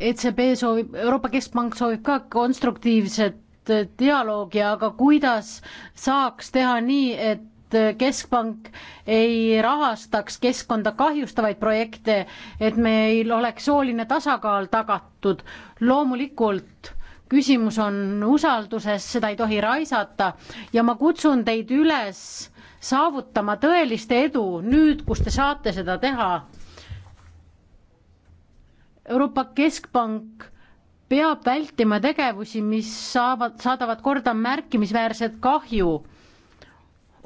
ECB soovib, Euroopa Keskpank soovib ka konstruktiivset dialoogi, aga kuidas saaks teha nii, et keskpank ei rahastaks keskkonda kahjustavaid projekte, et meil oleks sooline tasakaal tagatud. loomulikult küsimus on usalduses, seda ei tohi raisata ja ma kutsun teid üles saavutama tõelist edu nüüd, kus te saate seda teha Euroopa Keskpank peab vältima tegevusi, mis saavad, saadavad korda märkimisväärset kahju.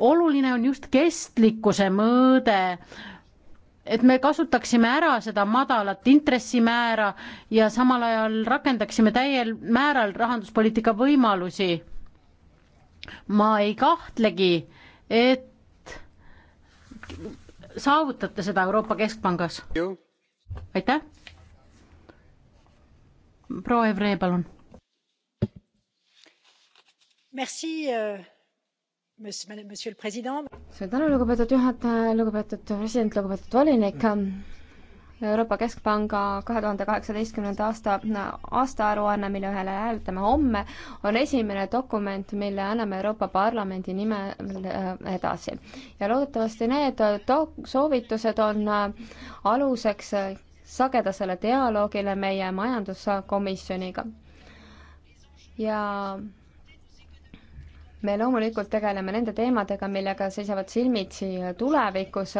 oluline on just kestlikkuse mõõde, et me kasutaksime ära seda madalat intressimäära ja samal ajal rakendaksime täiel määral rahanduspoliitika võimalusi. ma ei kahtlegi, et saavutate seda Euroopa Keskpangas. aitäh! proua Evree, palun. Merci euh, monsieur le président. suur tänu, lugupeetud juhataja, lugupeetud president, lugupeetud volinik. Euroopa Keskpanga kahe tuhande kaheksateistkümnenda aasta aastaaruanne, mille ühele hääletame homme, on esimene dokument, mille anname Euroopa Parlamendi nimel äh, edasi. ja loodetavasti need äh, soovitused on äh, aluseks sagedasele dialoogile meie majanduskomisjoniga. ja me loomulikult tegeleme nende teemadega, millega seisavad silmitsi tulevikus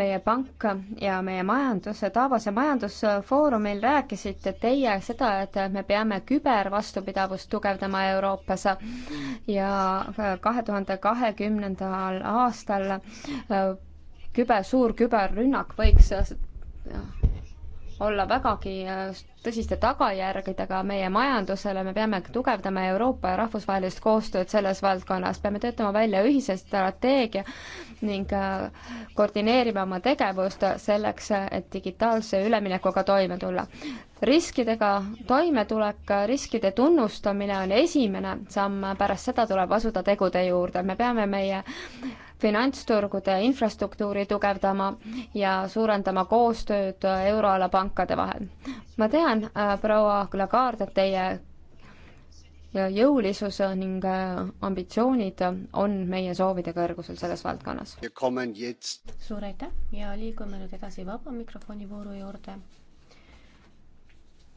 meie pank ja meie majandus. Davose majandusfoorumil rääkisite teie seda, et me peame kübervastupidavust tugevdama Euroopas ja kahe tuhande kahekümnendal aastal küber, suur küberrünnak võiks olla vägagi äh, tõsiste tagajärgedega meie majandusele, me peame tugevdama Euroopa ja rahvusvahelist koostööd selles valdkonnas, peame töötama välja ühise strateegia ning äh, koordineerima oma tegevust selleks, et digitaalse üleminekuga toime tulla. riskidega toimetulek, riskide tunnustamine on esimene samm, pärast seda tuleb asuda tegude juurde, me peame meie finantsturgude infrastruktuuri tugevdama ja suurendama koostööd euroala pankade vahel. ma tean, äh, proua Lagarde, et teie jõulisus ning äh, ambitsioonid on meie soovide kõrgusel selles valdkonnas. suur aitäh ja liigume nüüd edasi vaba mikrofoni vooru juurde.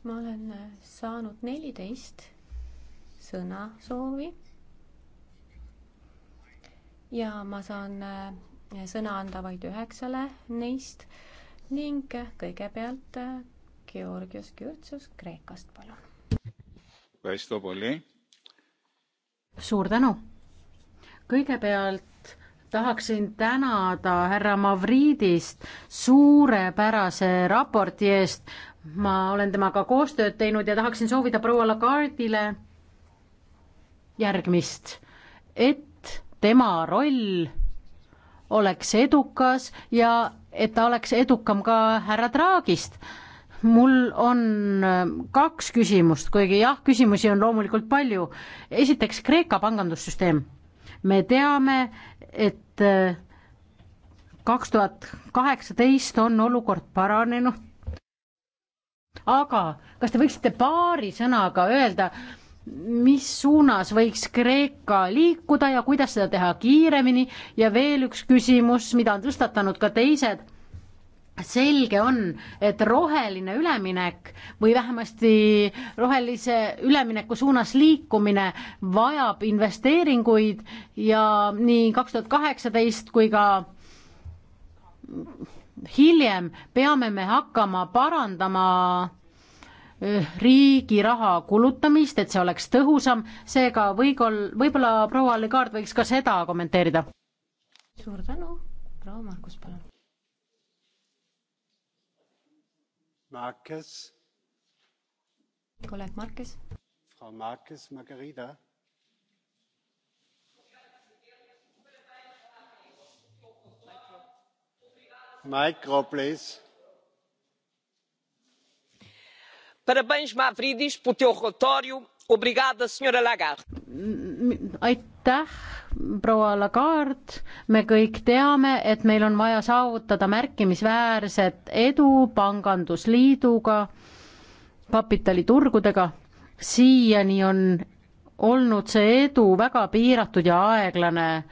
ma olen äh, saanud neliteist sõnasoovi ja ma saan äh, sõna anda vaid üheksale neist ning kõigepealt äh, Georgios Kürtsos Kreekast, palun. suur tänu. kõigepealt tahaksin tänada härra Mavridist suurepärase raporti eest. ma olen temaga koostööd teinud ja tahaksin soovida proua Lagardile järgmist, et tema roll oleks edukas ja et ta oleks edukam ka härra Draagist. mul on äh, kaks küsimust, kuigi jah, küsimusi on loomulikult palju. esiteks Kreeka pangandussüsteem. me teame, et äh, kaks tuhat kaheksateist on olukord paranenud. aga kas te võiksite paari sõnaga öelda, mis suunas võiks Kreeka liikuda ja kuidas seda teha kiiremini ja veel üks küsimus, mida on tõstatanud ka teised selge on, et roheline üleminek või vähemasti rohelise ülemineku suunas liikumine vajab investeeringuid ja nii kaks tuhat kaheksateist kui ka hiljem peame me hakkama parandama Eh, riigi raha kulutamist, et see oleks tõhusam, seega võib-olla, võib-olla proua Legaard võiks ka seda kommenteerida. suur tänu, proua Markus, palun. Markus. kolleeg Markus. Frau Markus Margarida. Micro, please aitäh, proua Lagarde, me kõik teame, et meil on vaja saavutada märkimisväärset edu pangandusliiduga, kapitaliturgudega. siiani on olnud see edu väga piiratud ja aeglane.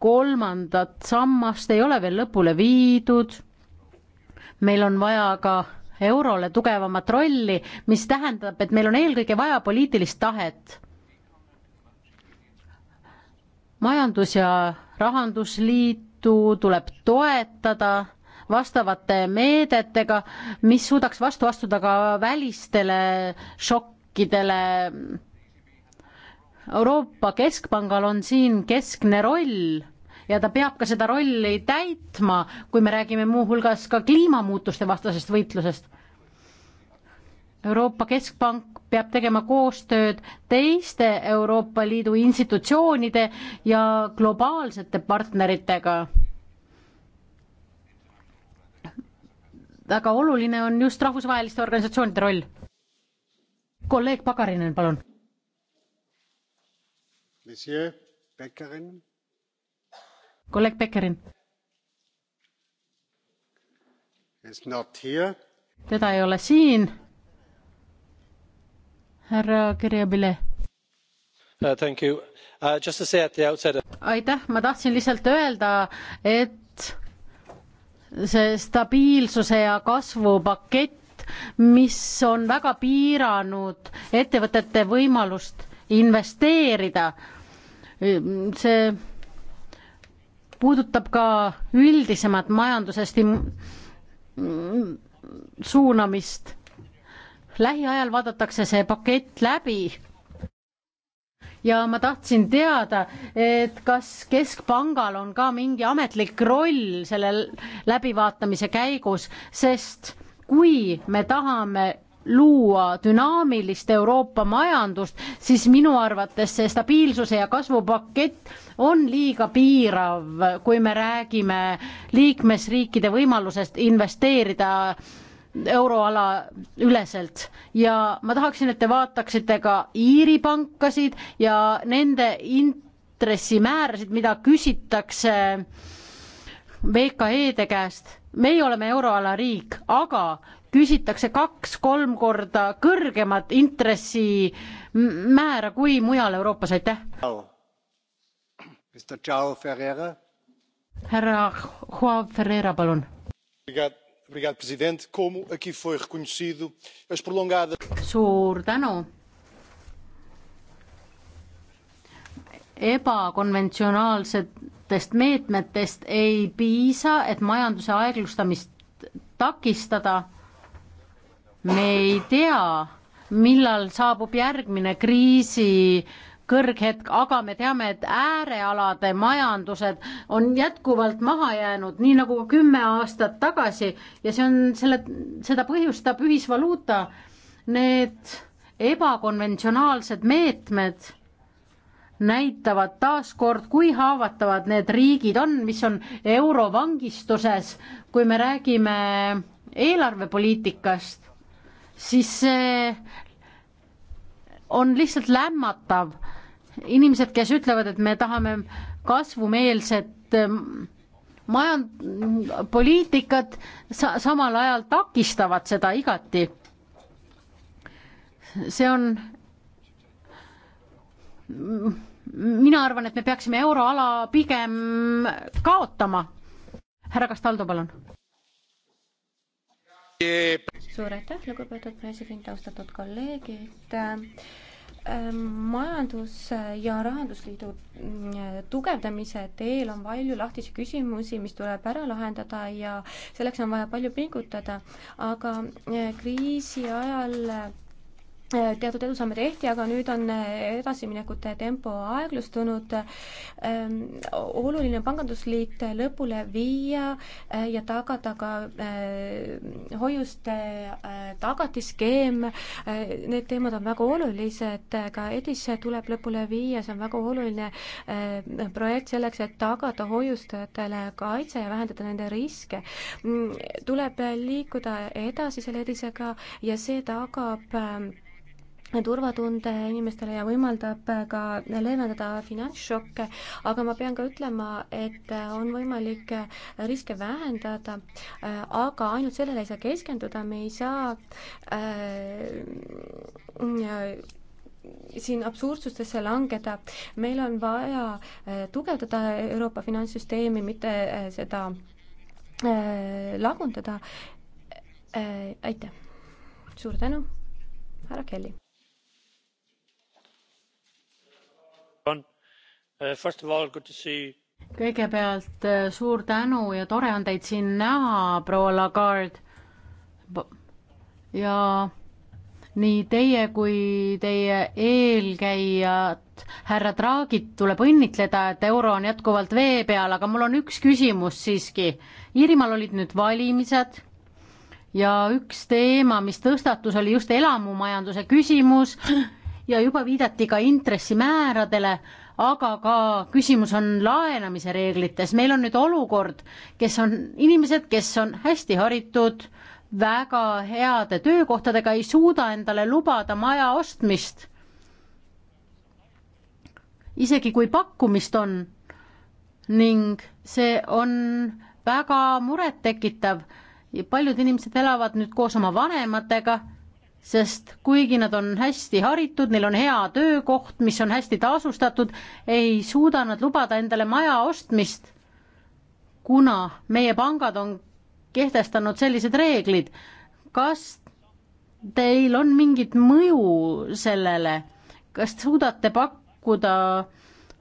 kolmandat sammast ei ole veel lõpule viidud. meil on vaja ka eurole tugevamat rolli, mis tähendab, et meil on eelkõige vaja poliitilist tahet. majandus- ja rahandusliitu tuleb toetada vastavate meedetega, mis suudaks vastu astuda ka välistele šokkidele Euroopa Keskpangal on siin keskne roll ja ta peab ka seda rolli täitma, kui me räägime muuhulgas ka kliimamuutuste vastasest võitlusest. Euroopa Keskpank peab tegema koostööd teiste Euroopa Liidu institutsioonide ja globaalsete partneritega väga oluline on just rahvusvaheliste organisatsioonide roll. kolleeg Pakarinen, palun kolleeg Pekkerin. teda ei ole siin. härra Kirjabile uh,. Uh, outside... aitäh, ma tahtsin lihtsalt öelda, et see stabiilsuse ja kasvu pakett, mis on väga piiranud ettevõtete võimalust investeerida, see puudutab ka üldisemat majanduse stim-, suunamist. lähiajal vaadatakse see pakett läbi ja ma tahtsin teada, et kas Keskpangal on ka mingi ametlik roll selle läbivaatamise käigus, sest kui me tahame luua dünaamilist Euroopa majandust, siis minu arvates see stabiilsuse ja kasvu pakett on liiga piirav, kui me räägime liikmesriikide võimalusest investeerida euroala üleselt ja ma tahaksin, et te vaataksite ka Iiri pankasid ja nende intressimäärasid, mida küsitakse äh, VKE-de käest, meie oleme euroala riik, aga küsitakse kaks-kolm korda kõrgemat intressimäära kui mujal Euroopas, aitäh. härra Juan Ferreira, palun. suur tänu ebakonventsionaalsed vastavatest meetmetest ei piisa, et majanduse aeglustamist takistada. me ei tea, millal saabub järgmine kriisi kõrghetk, aga me teame, et äärealade majandused on jätkuvalt maha jäänud, nii nagu ka kümme aastat tagasi ja see on selle, seda põhjustab ühisvaluuta. Need ebakonventsionaalsed meetmed näitavad taaskord, kui haavatavad need riigid on, mis on eurovangistuses. kui me räägime eelarvepoliitikast, siis see on lihtsalt lämmatav. inimesed, kes ütlevad, et me tahame kasvumeelset ähm, majand-, poliitikat, sa-, samal ajal takistavad seda igati. see on mina arvan, et me peaksime euroala pigem kaotama. härra Kastaldo, palun. suur aitäh, lugupeetud president, austatud kolleegid ähm, majandus- ja rahandusliidu äh, tugevdamise teel on palju lahtisi küsimusi, mis tuleb ära lahendada ja selleks on vaja palju pingutada, aga äh, kriisi ajal teatud edusamme tehti, aga nüüd on edasiminekute tempo aeglustunud. Ehm, oluline on pangandusliit lõpule viia eh, ja tagada ka eh, hoiuste eh, tagatisskeem. Need teemad on väga olulised, ka EDIS tuleb lõpule viia, see on väga oluline projekt selleks, et tagada hoiustajatele kaitse ja vähendada nende riske. Mm, tuleb liikuda edasi selle EDIS-ega ja see tagab ehm, turvatunde inimestele ja võimaldab ka leevendada finantsšokke, aga ma pean ka ütlema, et on võimalik riske vähendada, aga ainult sellele ei saa keskenduda, me ei saa äh, siin absurdsustesse langeda, meil on vaja äh, tugevdada Euroopa finantssüsteemi, mitte äh, seda äh, lagundada äh,. aitäh, suur tänu, härra Kelly Uh, first of all, good to see kõigepealt uh, suur tänu ja tore on teid siin näha, proua Lagarde. ja nii teie kui teie eelkäijad, härra Draagit tuleb õnnitleda, et euro on jätkuvalt vee peal, aga mul on üks küsimus siiski. Iirimaal olid nüüd valimised ja üks teema, mis tõstatus, oli just elamumajanduse küsimus ja juba viidati ka intressimääradele aga ka küsimus on laenamise reeglites, meil on nüüd olukord, kes on inimesed, kes on hästi haritud, väga heade töökohtadega, ei suuda endale lubada maja ostmist. isegi kui pakkumist on ning see on väga murettekitav ja paljud inimesed elavad nüüd koos oma vanematega sest kuigi nad on hästi haritud, neil on hea töökoht, mis on hästi tasustatud, ei suuda nad lubada endale maja ostmist, kuna meie pangad on kehtestanud sellised reeglid. kas teil on mingit mõju sellele, kas suudate pakkuda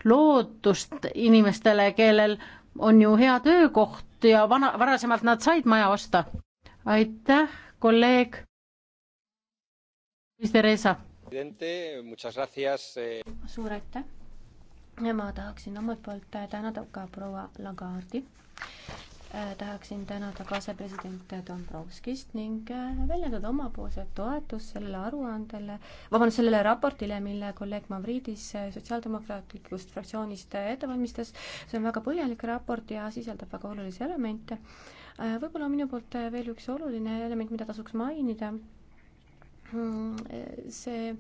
lootust inimestele, kellel on ju hea töökoht ja vana, varasemalt nad said maja osta? aitäh, kolleeg Theresa. Eh. suur aitäh ja ma tahaksin omalt poolt eh, tänada ka proua Lagardi eh, tahaksin tänada kaasapresident Dombrovskist ning väljendada omapoolset toetust sellele aruandele, vabandust, sellele raportile, mille kolleeg Mavridis Sotsiaaldemokraatlikust fraktsioonist ette valmistas. see on väga põhjalik raport ja sisaldab väga olulisi elemente. võib-olla minu poolt veel üks oluline element, mida tasuks mainida Mm, see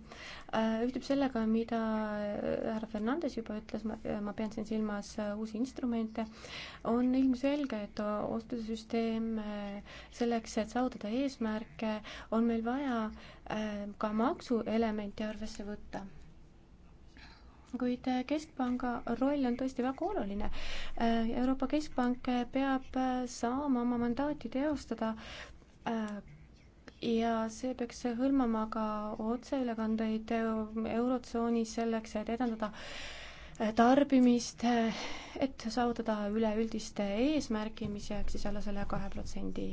äh, ühtib sellega, mida äh, härra Fernandes juba ütles, ma äh, pean siin silmas uusi instrumente, on ilmselge, et ostusüsteem selleks, et saavutada eesmärke, on meil vaja ka maksuelementi arvesse võtta kuid Keskpanga roll on tõesti väga oluline. Euroopa Keskpank peab saama oma mandaati teostada ja see peaks hõlmama ka otseülekandeid Eurotsoonis selleks, et edendada tarbimist, et saavutada üleüldist eesmärki, mis jääks siis alla selle kahe protsendi,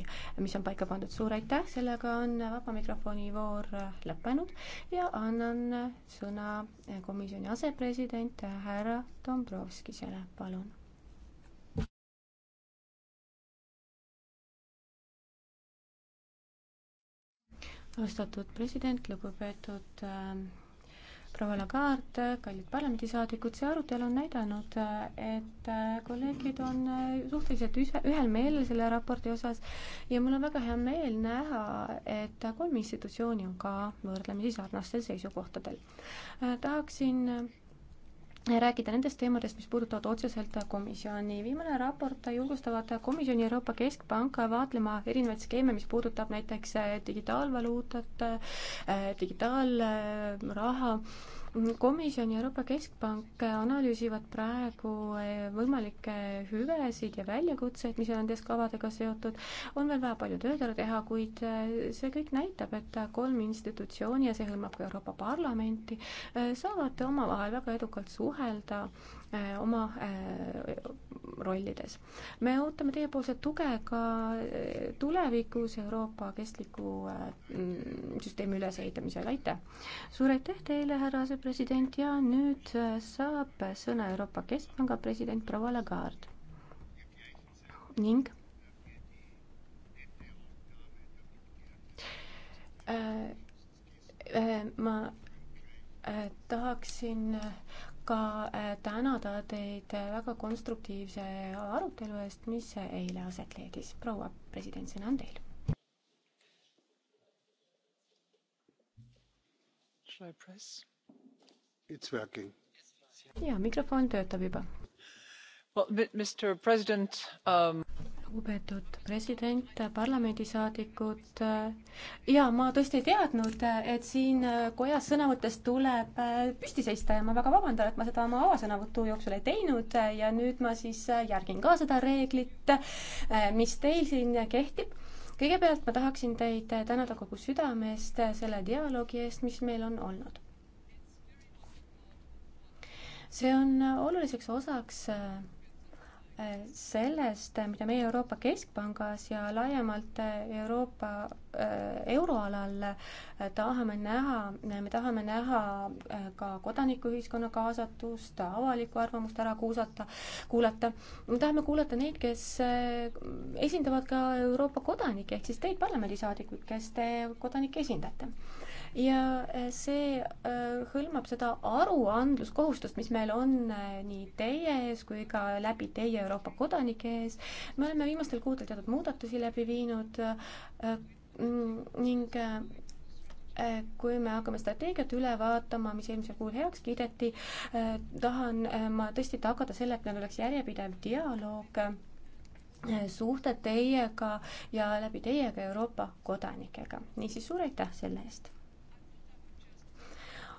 mis on paika pandud. suur aitäh, sellega on vaba mikrofoni voor lõppenud ja annan sõna komisjoni asepresident härra Dombrovskisele, palun austatud president, lugupeetud äh, proua Lagarde, kallid parlamendisaadikud, see arutelu on näidanud, et äh, kolleegid on äh, suhteliselt üse, ühel meelel selle raporti osas ja mul on väga hea meel näha, et kolm institutsiooni on ka võrdlemisi sarnastel seisukohtadel. Äh, tahaksin rääkida nendest teemadest, mis puudutavad otseselt komisjoni. viimane raport julgustavad komisjoni Euroopa Keskpanka vaatlema erinevaid skeeme, mis puudutab näiteks digitaalvaluutat, digitaalraha äh,, komisjon ja Euroopa Keskpank analüüsivad praegu eh, võimalikke hüvesid ja väljakutseid, mis on nendes kavadega seotud. on veel väga palju tööd ära teha, kuid eh, see kõik näitab, et kolm institutsiooni ja see hõlmab ka Euroopa Parlamenti, eh, saavad omavahel väga edukalt suhelda Äh, oma äh, rollides. me ootame teiepoolset tuge ka äh, tulevikus Euroopa kestliku mm, süsteemi ülesehitamisel, aitäh! suur aitäh teile, härra asepresident, ja nüüd saab sõna Euroopa Keskpanga president proua Lagarde. ning ma tahaksin ka äh, tänada teid äh, väga konstruktiivse arutelu eest, mis eile aset leidis. proua president, sõna on teil. ja mikrofon töötab juba well,. Um lugupeetud president, parlamendisaadikud. ja ma tõesti ei teadnud, et siin kojas sõna võttes tuleb püsti seista ja ma väga vabandan, et ma seda oma avasõnavõtu jooksul ei teinud ja nüüd ma siis järgin ka seda reeglit, mis teil siin kehtib kõigepealt ma tahaksin teid tänada kogu südamest selle dialoogi eest, mis meil on olnud. see on oluliseks osaks sellest, mida meie Euroopa Keskpangas ja laiemalt Euroopa äh, euroalal äh, tahame näha, me tahame näha äh, ka kodanikuühiskonna kaasatust, avalikku arvamust ära kuusata, kuulata. me tahame kuulata neid, kes esindavad ka Euroopa kodanikke, ehk siis teid, parlamendisaadikuid, kes te kodanikke esindate ja äh, see äh, hõlmab seda aruandluskohustust, mis meil on äh, nii teie ees kui ka läbi teie Euroopa kodanike ees. me oleme viimastel kuudel teatud muudatusi läbi viinud mm, ning kui me hakkame strateegiat üle vaatama, mis eelmisel kuul heaks kiideti, tahan ma tõesti tagada selle, et meil oleks järjepidev dialoog suhted teiega ja läbi teiega Euroopa kodanikega. niisiis suur aitäh selle eest!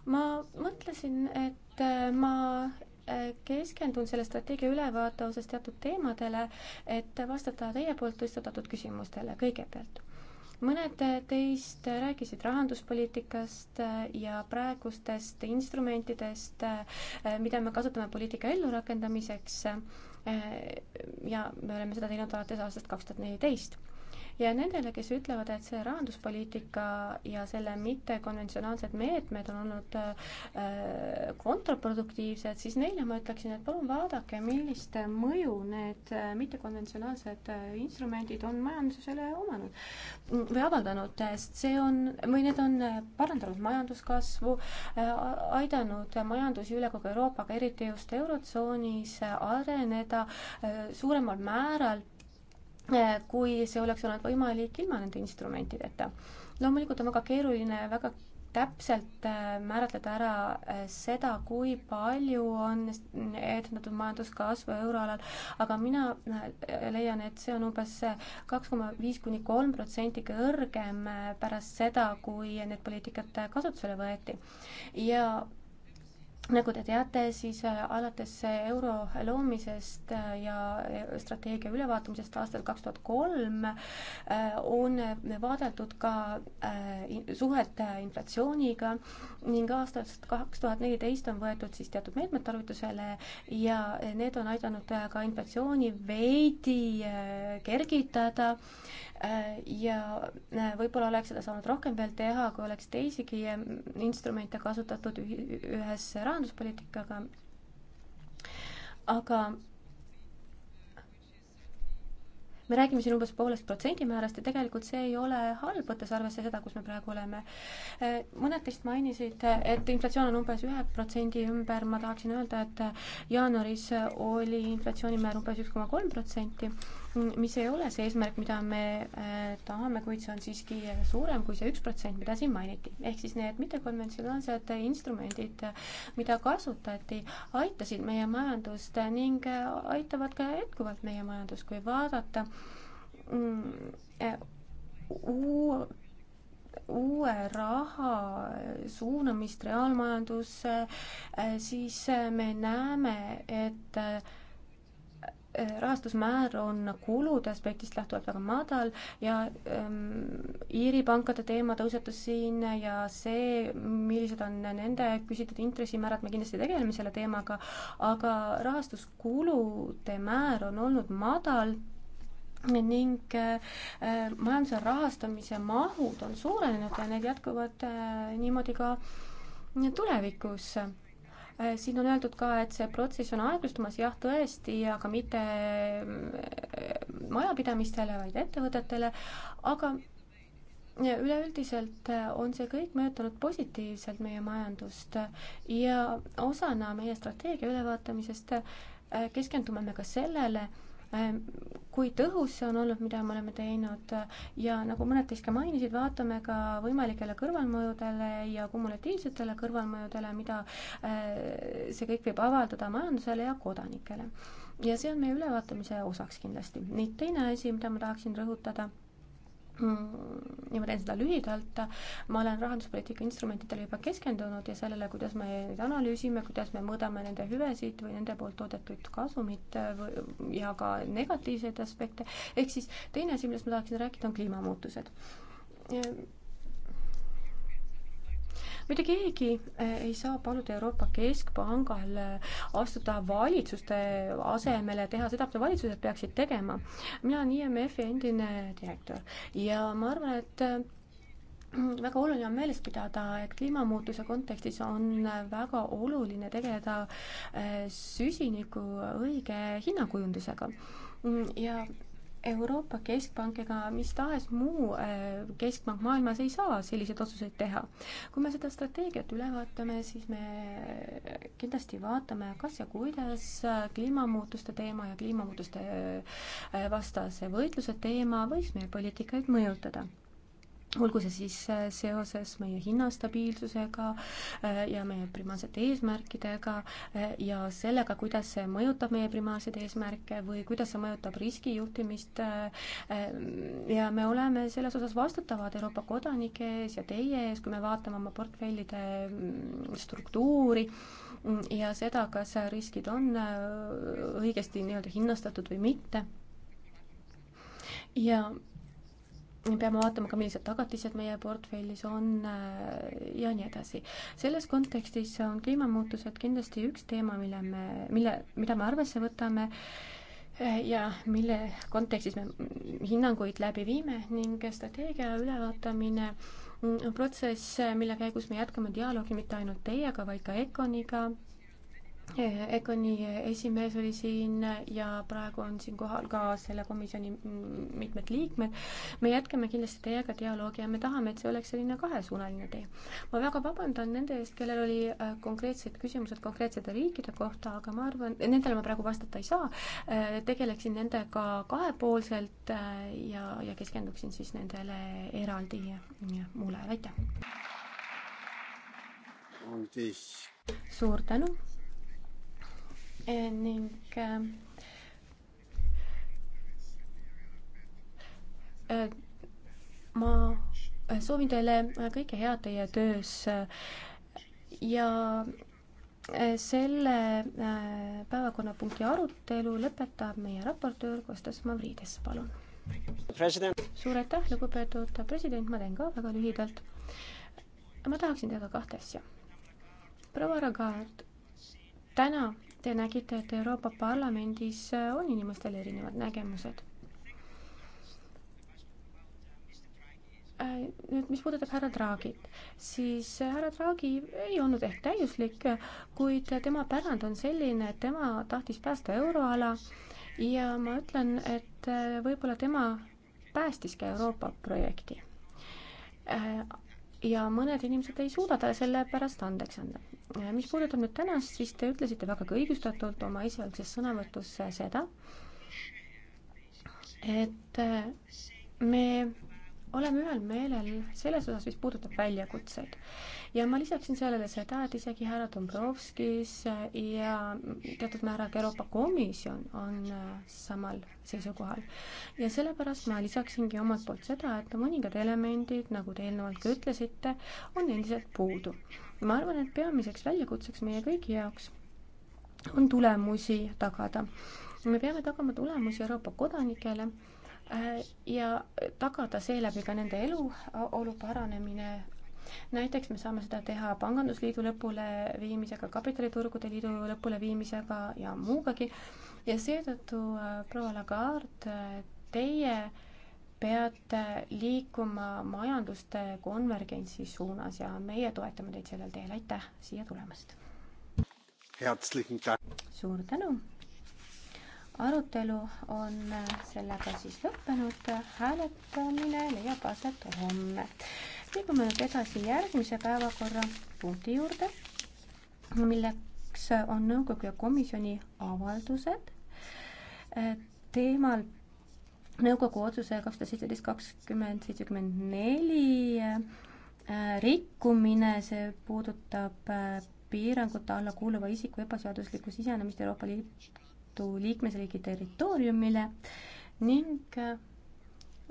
ma mõtlesin, et äh, ma äh, keskendun selle strateegia ülevaate osas teatud teemadele, et vastata teie poolt tõstatatud küsimustele kõigepealt. mõned teist rääkisid rahanduspoliitikast äh, ja praegustest instrumentidest, mida me kasutame poliitika ellurakendamiseks. ja me oleme seda teinud alates aastast kaks tuhat neliteist ja nendele, kes ütlevad, et see rahanduspoliitika ja selle mittekonventsionaalsed meetmed on olnud äh, äh kontraproduktiivsed, siis neile ma ütleksin, et palun vaadake, millist mõju need äh, mittekonventsionaalsed äh, instrumendid on majandusele omanud mm, või avaldanud, sest see on, või need on parandanud majanduskasvu äh,, aidanud majandusi üle kogu Euroopaga, eriti just Eurotsoonis, areneda äh, suuremal määral kui see oleks olnud võimalik ilma nende instrumentideta. loomulikult on väga keeruline väga täpselt äh, määratleda ära äh, seda, kui palju on edendatud majanduskasvu euroalal, aga mina äh, leian, et see on umbes kaks koma viis kuni kolm protsenti kõrgem pärast seda, kui need poliitikad kasutusele võeti. ja nagu te teate, siis äh, alates äh, euro loomisest äh, ja strateegia ülevaatamisest aastal kaks tuhat kolm on vaadeldud ka suhet inflatsiooniga ning aastast kaks tuhat neliteist on võetud siis teatud meetmed tarvitusele ja need on aidanud ka inflatsiooni veidi kergitada Äh, ja äh, võib-olla oleks seda saanud rohkem veel teha, kui oleks teisigi ähm, instrumente kasutatud ühes rahanduspoliitikaga. aga me räägime siin umbes poolest protsendimäärast ja tegelikult see ei ole halb, võttes arvesse seda, kus me praegu oleme. Äh, mõned teist mainisid, et inflatsioon on umbes ühe protsendi ümber, ma tahaksin öelda, et jaanuaris oli inflatsioonimäär umbes üks koma kolm protsenti mis ei ole see eesmärk, mida me äh, tahame, kuid see on siiski suurem kui see üks protsent, mida siin mainiti. ehk siis need mittekonventsionaalsed instrumendid, mida kasutati, aitasid meie majandust ning äh, aitavad ka jätkuvalt meie majandust, kui vaadata mm, äh, uu-, uue raha suunamist reaalmajandusse, siis me näeme, et Eh, rahastusmäär on kulude aspektist lähtuvalt väga madal ja ähm, Iiri pankade teema tõusetus siin ja see, millised on nende küsitud intressimäärad, me kindlasti tegeleme selle teemaga, aga rahastuskulude määr on olnud madal ning äh, majanduse rahastamise mahud on suurenenud ja need jätkuvad äh, niimoodi ka tulevikus Äh, siin on öeldud ka, et see protsess on aeglustumas, jah, tõesti, aga mitte äh, majapidamistele, vaid ettevõtetele, aga üleüldiselt äh, on see kõik mõjutanud positiivselt meie majandust ja osana meie strateegia ülevaatamisest keskendume me ka sellele, Ehm, kui tõhus see on olnud, mida me oleme teinud äh, ja nagu mõned teist ka mainisid, vaatame ka võimalikele kõrvalmõjudele ja kumulatiivsetele kõrvalmõjudele, mida äh, see kõik võib avaldada majandusele ja kodanikele. ja see on meie ülevaatamise osaks kindlasti. nüüd teine asi, mida ma tahaksin rõhutada Mm, ja ma teen seda lühidalt, ma olen rahanduspoliitika instrumentidele juba keskendunud ja sellele, kuidas me neid analüüsime, kuidas me mõõdame nende hüvesid või nende poolt toodetud kasumit või, ja ka negatiivseid aspekte, ehk siis teine asi, millest ma tahaksin rääkida, on kliimamuutused mitte keegi eh, ei saa paluda Euroopa Keskpangal eh, astuda valitsuste asemele, teha seda, mida valitsused peaksid tegema. mina olen IMF-i endine direktor ja ma arvan, et mm, väga oluline on meeles pidada, et kliimamuutuse kontekstis on väga oluline tegeleda eh, süsiniku õige hinnakujundusega. Mm, ja Euroopa Keskpank ega mis tahes muu äh, keskpank maailmas ei saa selliseid otsuseid teha. kui me seda strateegiat üle vaatame, siis me kindlasti vaatame, kas ja kuidas äh, kliimamuutuste teema ja kliimamuutuste äh, vastase võitluse teema võiks meie poliitikaid mõjutada olgu see siis äh, seoses meie hinnastabiilsusega äh, ja meie primaarsete eesmärkidega äh, ja sellega, kuidas see mõjutab meie primaarseid eesmärke või kuidas see mõjutab riskijuhtimist. ja me oleme selles osas vastutavad Euroopa kodanike ees ja teie ees, kui me vaatame oma portfellide mm, struktuuri mm, ja seda, kas riskid on õigesti nii-öelda hinnastatud või mitte ja peame vaatama ka, millised tagatised meie portfellis on äh, ja nii edasi. selles kontekstis on kliimamuutused kindlasti üks teema, mille me, mille, mida me arvesse võtame äh, ja mille kontekstis me hinnanguid läbi viime ning strateegia ülevaatamine on protsess, mille käigus me jätkame dialoogi mitte ainult teiega, vaid ka EKONiga EKONi esimees oli siin ja praegu on siin kohal ka selle komisjoni mitmed liikmed. me jätkame kindlasti teiega dialoogi ja me tahame, et see oleks selline kahesuunaline tee. ma väga vabandan nende eest, kellel oli äh, konkreetsed küsimused konkreetsete riikide kohta, aga ma arvan, nendele ma praegu vastata ei saa. Äh, tegeleksin nendega ka kahepoolselt äh, ja, ja keskenduksin siis nendele eraldi mulle, aitäh. suur tänu Eh, ning eh, eh, ma soovin teile kõike head teie töös ja selle päevakonnapunkti arutelu lõpetab meie raportöör Kostas Mavridis, palun. suur aitäh, lugupeetud president, ma teen ka väga lühidalt. ma tahaksin teada kahte asja. proua Ragard, täna Te nägite, et Euroopa Parlamendis äh, on inimestel erinevad nägemused. Äh, nüüd, mis puudutab härra Draagit, siis äh, härra Draagi ei olnud ehk täiuslik, kuid tema pärand on selline, et tema tahtis päästa euroala ja ma ütlen, et võib-olla tema päästiski Euroopa projekti ja mõned inimesed ei suuda talle selle pärast andeks anda. mis puudutab nüüd tänast, siis te ütlesite vägagi õigustatult oma esialgses sõnavõtus seda, et me oleme ühel meelel selles osas, mis puudutab väljakutseid. ja ma lisaksin sellele seda, et isegi härra Dombrovskis ja teatud määral ka Euroopa Komisjon on äh, samal seisukohal. ja sellepärast ma lisaksingi omalt poolt seda, et mõningad elemendid, nagu te eelnevalt ka ütlesite, on endiselt puudu. ma arvan, et peamiseks väljakutseks meie kõigi jaoks on tulemusi tagada. me peame tagama tulemusi Euroopa kodanikele Äh, ja tagada seeläbi ka nende eluolu paranemine. näiteks me saame seda teha Pangandusliidu lõpuleviimisega, Kapitaliturgude Liidu lõpuleviimisega ja muugagi ja seetõttu äh, proua Lagarde, teie peate liikuma majanduste konvergentsi suunas ja meie toetame teid sellel teel, aitäh siia tulemast! suur tänu! arutelu on äh, sellega siis lõppenud, hääletamine leiab aset homme. liigume nüüd edasi järgmise päevakorrapunkti juurde, milleks on nõukogu ja komisjoni avaldused äh, teemal nõukogu otsuse kakssada seitseteist kakskümmend seitsekümmend neli äh, rikkumine, see puudutab piirangute alla kuuluva isiku ebaseaduslikku sisenemist Euroopa Liidu Liidu liikmesriigi territooriumile ning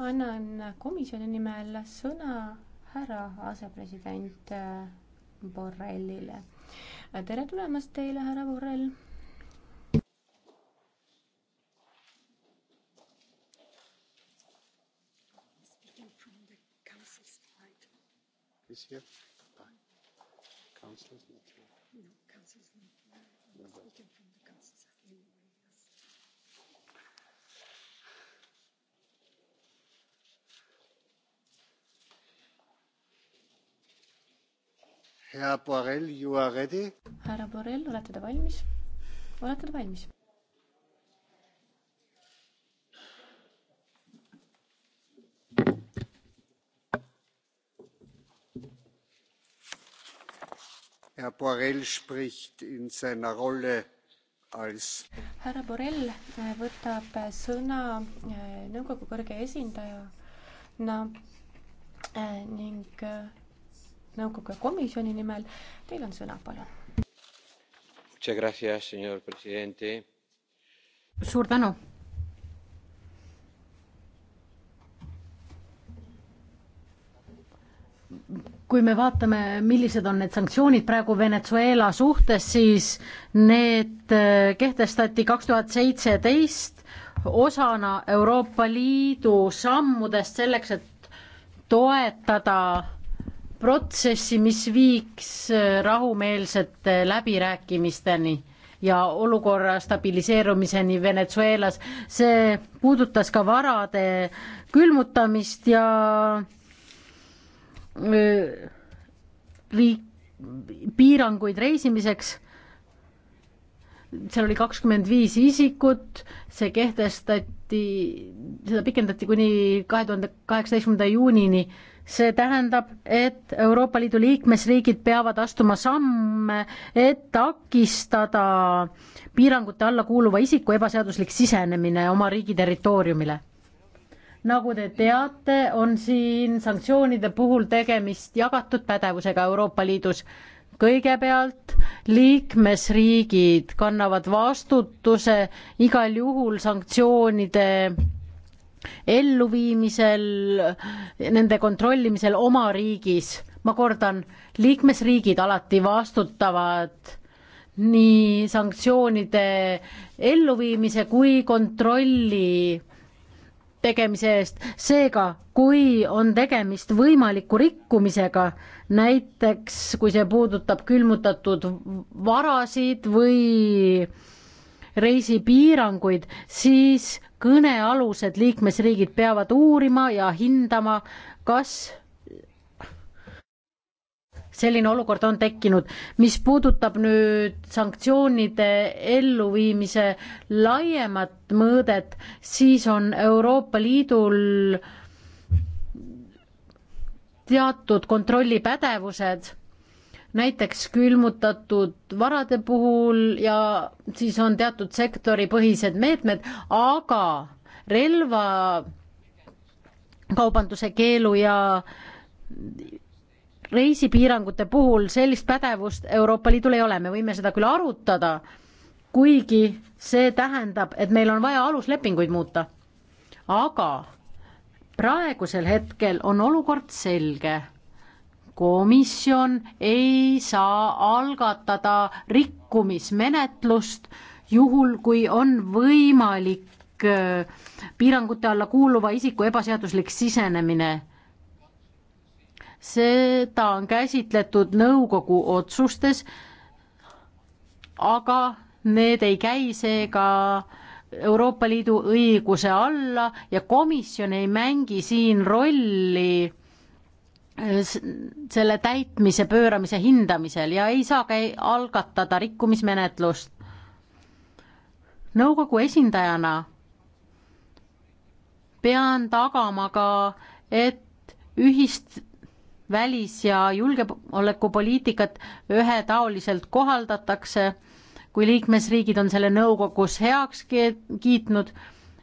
annan komisjoni nimel sõna härra asepresident Borrellile. tere tulemast teile, härra Borrell is here by councillors not härra Borrell, you are ready? härra Borrell, olete te valmis? olete te valmis? herr borrell spricht in seiner rolle als härra borrell äh, võtab sõna äh, nõukogu kõrge esindajana äh, ning nõukogu ja komisjoni nimel. Teil on sõna, palun. suur tänu. kui me vaatame, millised on need sanktsioonid praegu Venezuela suhtes, siis need äh, kehtestati kaks tuhat seitseteist osana Euroopa Liidu sammudest selleks, et toetada protsessi, mis viiks äh, rahumeelsete läbirääkimisteni ja olukorra stabiliseerumiseni Venezuelas. see puudutas ka varade külmutamist ja äh, riik, piiranguid reisimiseks. seal oli kakskümmend viis isikut, see kehtestati, seda pikendati kuni kahe tuhande kaheksateistkümnenda juunini see tähendab, et Euroopa Liidu liikmesriigid peavad astuma samme, et takistada piirangute alla kuuluva isiku ebaseaduslik sisenemine oma riigi territooriumile. nagu te teate, on siin sanktsioonide puhul tegemist jagatud pädevusega Euroopa Liidus kõigepealt liikmesriigid kannavad vastutuse igal juhul sanktsioonide elluviimisel, nende kontrollimisel oma riigis. ma kordan, liikmesriigid alati vastutavad nii sanktsioonide elluviimise kui kontrolli tegemise eest. seega, kui on tegemist võimaliku rikkumisega, näiteks kui see puudutab külmutatud varasid või reisipiiranguid, siis kõnealused liikmesriigid peavad uurima ja hindama, kas selline olukord on tekkinud. mis puudutab nüüd sanktsioonide elluviimise laiemat mõõdet, siis on Euroopa Liidul teatud kontrollipädevused näiteks külmutatud varade puhul ja siis on teatud sektoripõhised meetmed, aga relvakaubanduse keelu ja reisipiirangute puhul sellist pädevust Euroopa Liidul ei ole, me võime seda küll arutada, kuigi see tähendab, et meil on vaja aluslepinguid muuta. aga praegusel hetkel on olukord selge komisjon ei saa algatada rikkumismenetlust juhul, kui on võimalik äh, piirangute alla kuuluva isiku ebaseaduslik sisenemine. seda on käsitletud nõukogu otsustes, aga need ei käi seega Euroopa Liidu õiguse alla ja komisjon ei mängi siin rolli selle täitmise pööramise hindamisel ja ei saa ka algatada rikkumismenetlust. nõukogu esindajana pean tagama ka, et ühist välis- ja julgeolekupoliitikat ühetaoliselt kohaldatakse, kui liikmesriigid on selle nõukogus heaks kiitnud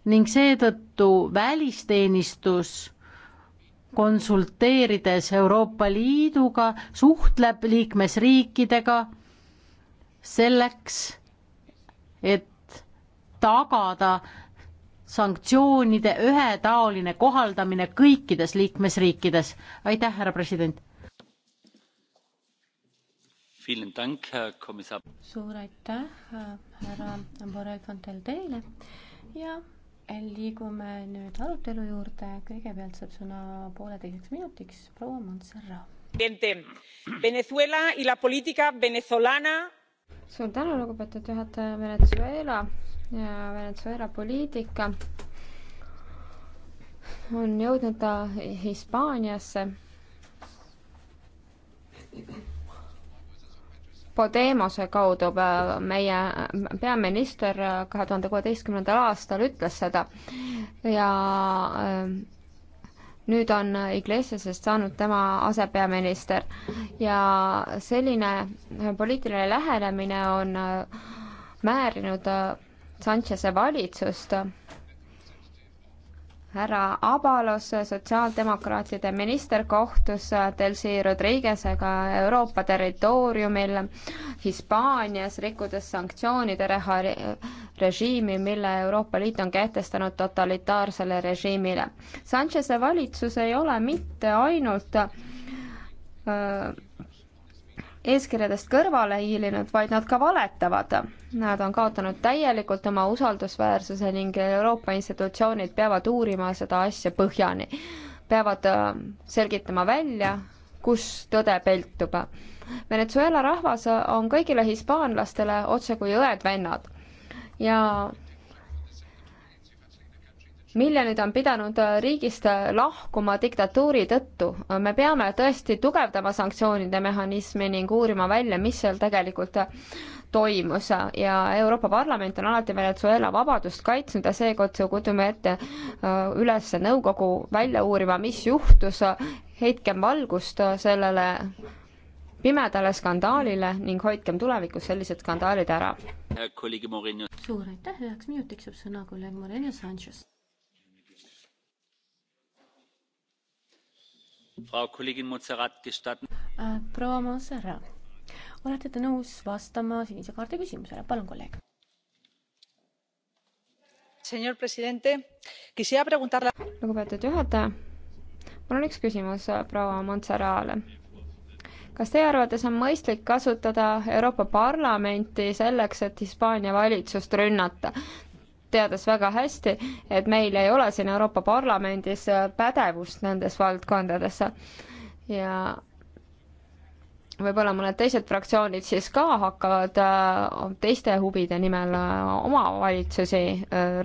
ning seetõttu välisteenistus konsulteerides Euroopa Liiduga, suhtleb liikmesriikidega selleks, et tagada sanktsioonide ühetaoline kohaldamine kõikides liikmesriikides. aitäh, härra president! suur aitäh, härra Borrell Fontel teile ja liigume nüüd arutelu juurde, kõigepealt saab sõna pooleteiseks minutiks proua Montserrat. Venezuela y la politica venezolana. suur tänu, lugupeetud juhataja, Venezuela ja Venezuela poliitika on jõudnud ta Hispaaniasse Podemose kaudu äh, meie äh, peaminister äh, kahe tuhande kuueteistkümnendal aastal ütles seda ja nüüd on Iglesiasest saanud tema asepeaminister ja selline poliitiline lähenemine on määrinud Sanchez'e valitsust härra Abalos, sotsiaaldemokraatide minister, kohtus äh, Delsi Rodriguez'ega Euroopa territooriumil Hispaanias, rikkudes sanktsioonide reha-, režiimi, mille Euroopa Liit on kehtestanud totalitaarsele režiimile. Sanchez'e valitsus ei ole mitte ainult öö, äh, eeskirjadest kõrvale hiilinud, vaid nad ka valetavad. Nad on kaotanud täielikult oma usaldusväärsuse ning Euroopa institutsioonid peavad uurima seda asja põhjani. peavad äh, selgitama välja, kus tõde peltub. Venezuela rahvas on kõigile hispaanlastele otse kui õed-vennad ja miljonid on pidanud äh, riigist äh, lahkuma diktatuuri tõttu. me peame tõesti tugevdama sanktsioonide mehhanismi ning uurima välja, mis seal tegelikult äh, toimus ja Euroopa Parlament on alati Venezuela vabadust kaitsnud ja seekord kutsume ette üles nõukogu välja uurima, mis juhtus, heitkem valgust sellele pimedale skandaalile ning hoidkem tulevikus sellised skandaalid ära. suur aitäh, üheks minutiks saab sõna kolleeg Moreno Sanchez Äh, proua Montserrat, olete te nõus vastama sinise kaardi küsimusele, palun, kolleeg? lugupeetud juhataja, mul on üks küsimus äh, proua Montserrat'le kas teie arvates on mõistlik kasutada Euroopa Parlamenti selleks, et Hispaania valitsust rünnata? teades väga hästi, et meil ei ole siin Euroopa Parlamendis äh, pädevust nendes valdkondades ja võib-olla mõned teised fraktsioonid siis ka hakkavad äh, teiste huvide nimel äh, omavalitsusi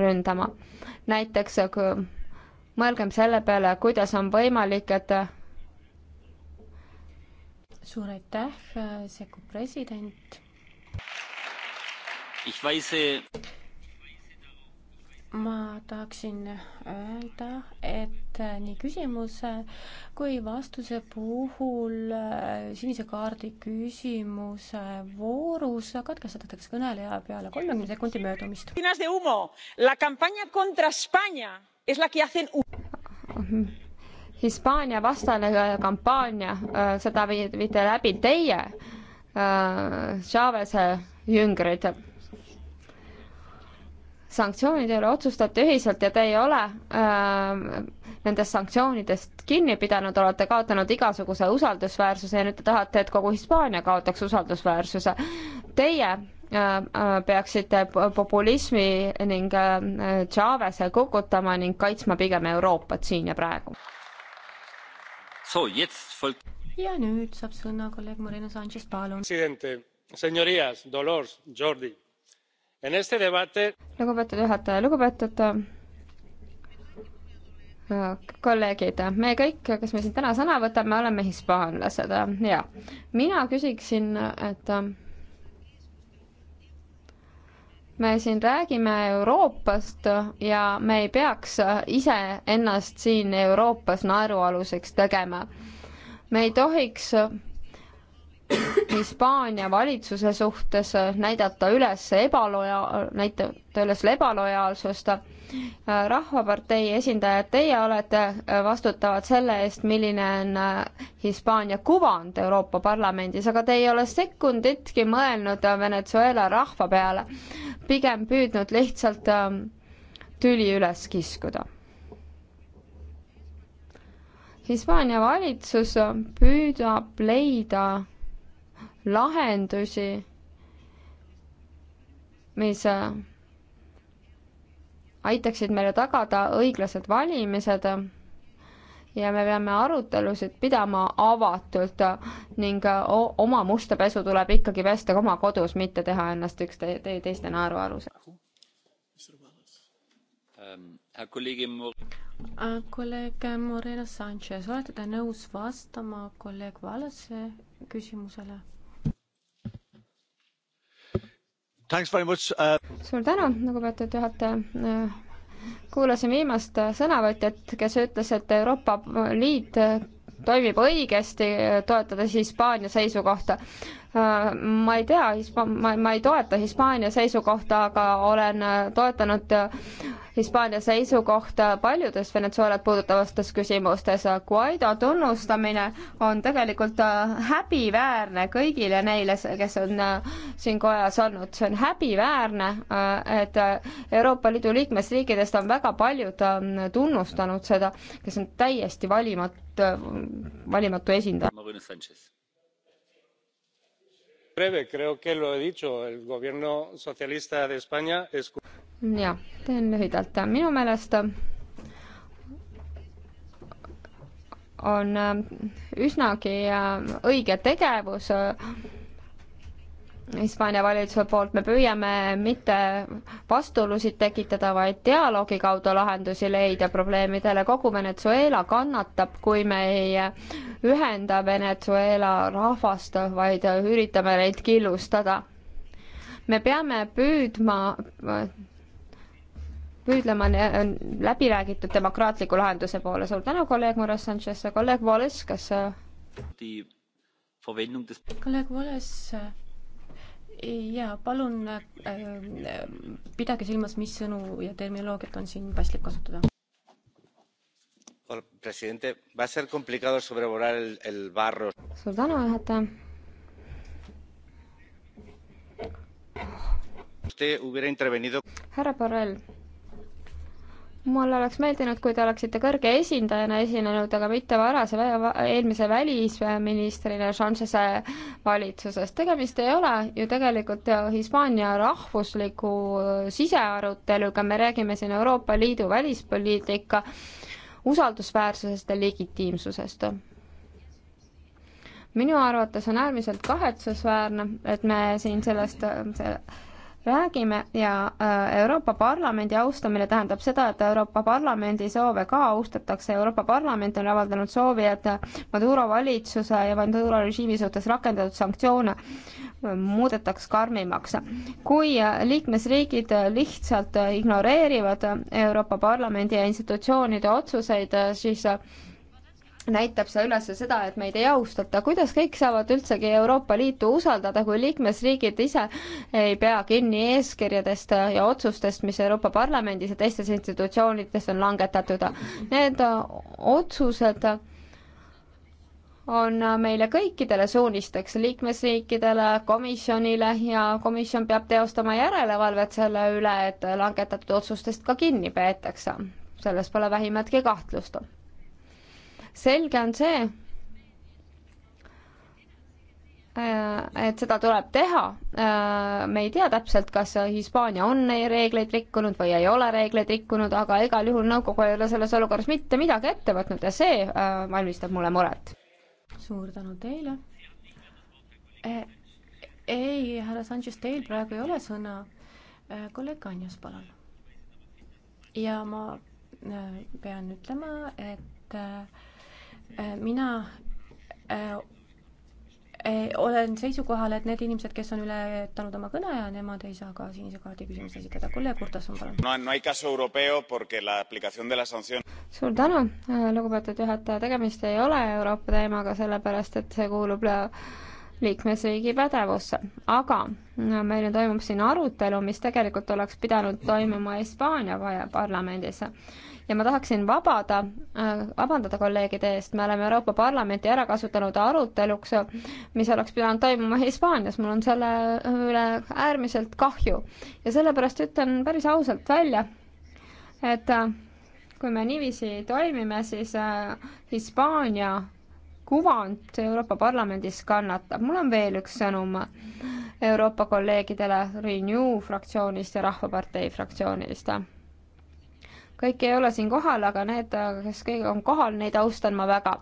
ründama. näiteks mõelgem selle peale, kuidas on võimalik, et suur aitäh, sekkub president ma tahaksin öelda, et nii küsimuse kui vastuse puhul äh, sinise kaardi küsimuse voorus katkestatakse kõneleja peale kolmekümne sekundi möödumist. Hispaania vastane äh, kampaania, äh, seda viite läbi teie, Chavez'e jüngrid sanktsioonide üle otsustate ühiselt ja te ei ole äh, nendest sanktsioonidest kinni pidanud, olete kaotanud igasuguse usaldusväärsuse ja nüüd te tahate, et kogu Hispaania kaotaks usaldusväärsuse. Teie ähm, äh, peaksite populismi ning ähm, Chavez'e kukutama ning kaitsma pigem Euroopat siin ja praegu. ja nüüd saab sõna kolleeg Moreno Sanchez, palun. Señorías, Dolores, Jordi Debate... lugupeetud juhataja, lugupeetud äh, kolleegid, me kõik, kes me siin täna sõna võtame, oleme hispaanlased ja mina küsiksin, et me siin räägime Euroopast ja me ei peaks iseennast siin Euroopas naerualuseks tegema. me ei tohiks Hispaania valitsuse suhtes, äh, näidata üles ebaloja-, näidata üles ebalojaalsust. Äh, rahvapartei esindajad, teie olete äh, vastutavad selle eest, milline on Hispaania kuvand Euroopa Parlamendis, aga te ei ole sekunditki mõelnud Venezuela rahva peale, pigem püüdnud lihtsalt ähm, tüli üles kiskuda. Hispaania valitsus püüdab leida lahendusi, mis äh, aitaksid meile tagada õiglased valimised ja me peame arutelusid pidama avatult ning äh, oma musta pesu tuleb ikkagi pesta oma kodus, mitte teha ennast üks te te teiste naeru aluseks. Ähm, äh, kolleeg Moreno Sanchez, olete te nõus vastama kolleeg Valese küsimusele? Uh, suur tänu, lugupeetud juhataja. Äh, kuulasin viimast äh, sõnavõtjat, kes ütles, et Euroopa Liit äh, toimib õigesti, toetades Hispaania seisukohta. ma ei tea, Hispa-, ma, ma ei toeta Hispaania seisukohta, aga olen toetanud Hispaania seisukohta paljudes Venezuelat puudutavates küsimustes. Guaido tunnustamine on tegelikult äh, häbiväärne kõigile neile, kes on äh, siin kojas olnud. see on häbiväärne, äh, et Euroopa Liidu liikmesriikidest on väga paljud tunnustanud seda, kes on täiesti valimat, valimatu esindaja breve creo que lo he dicho el gobierno socialista de España es... jah, teen lühidalt, minu meelest on äh, üsnagi äh, õige tegevus äh, Hispaania valitsuse poolt, me püüame mitte vastuolusid tekitada, vaid dialoogi kaudu lahendusi leida probleemidele. kogu Venezuela kannatab, kui me ei ühenda Venezuela rahvast, vaid üritame neid killustada. me peame püüdma, püüdlema läbi räägitud demokraatliku lahenduse poole. suur tänu, kolleeg Mures Sanchez ja kolleeg Wallace, kas kolleeg Wallace ja palun äh, pidage silmas, mis sõnu ja terminoloogiat on siin paslik kasutada. suur tänu, juhataja. härra Borrell mul oleks meeldinud, kui te oleksite kõrge esindajana esinenud, aga mitte varase, eelmise välisministrina Sanchez'e valitsuses. tegemist ei ole ju tegelikult Hispaania rahvusliku äh, sisearuteluga, me räägime siin Euroopa Liidu välispoliitika usaldusväärsusest ja legitiimsusest minu arvates on äärmiselt kahetsusväärne, et me siin sellest, äh, räägime ja äh, Euroopa Parlamendi austamine tähendab seda, et Euroopa Parlamendi soove ka austatakse, Euroopa Parlament on avaldanud soovi, et Maduro valitsuse ja Maduro režiimi suhtes rakendatud sanktsioone äh, muudetaks karmimaks. kui äh, liikmesriigid lihtsalt ignoreerivad Euroopa Parlamendi ja institutsioonide otsuseid, siis näitab see üles seda, et meid ei austata. kuidas kõik saavad üldsegi Euroopa Liitu usaldada, kui liikmesriigid ise ei pea kinni eeskirjadest ja otsustest, mis Euroopa Parlamendis ja teistes institutsioonides on langetatud? Need otsused on meile kõikidele suunisteks, liikmesriikidele, komisjonile ja komisjon peab teostama järelevalvet selle üle, et langetatud otsustest ka kinni peetakse. selles pole vähimatki kahtlust selge on see, äh, et seda tuleb teha. Äh, me ei tea täpselt, kas Hispaania on reegleid rikkunud või ei ole reegleid rikkunud, aga igal juhul nõukogu ei ole selles olukorras mitte midagi ette võtnud ja see äh, valmistab mulle muret. suur tänu teile e. ei, härra Sanchez, teil praegu ei ole sõna e. kolleeg Anjas, palun. ja ma pean ütlema, et äh, Äh, mina äh, äh, olen seisukohal, et need inimesed, kes on ületanud oma kõneaja, nemad ei saa ka sinise kaardi küsimust esitada. kolleeg Urtasun, palun. suur tänu, lugupeetud juhataja, tegemist ei ole Euroopa teemaga, sellepärast et see kuulub liikmesriigi pädevusse, aga meil toimub siin arutelu, mis tegelikult oleks pidanud toimuma Hispaania parlamendis ja ma tahaksin vabada, äh, vabandada kolleegide eest, me oleme Euroopa Parlamenti ära kasutanud aruteluks, mis oleks pidanud toimuma Hispaanias, mul on selle üle äärmiselt kahju. ja sellepärast ütlen päris ausalt välja, et äh, kui me niiviisi toimime, siis äh, Hispaania kuvand Euroopa Parlamendis kannatab. mul on veel üks sõnum Euroopa kolleegidele Renew fraktsioonist ja Rahvapartei fraktsioonist kõik ei ole siin kohal, aga need, kes keegi on kohal, neid austan ma väga.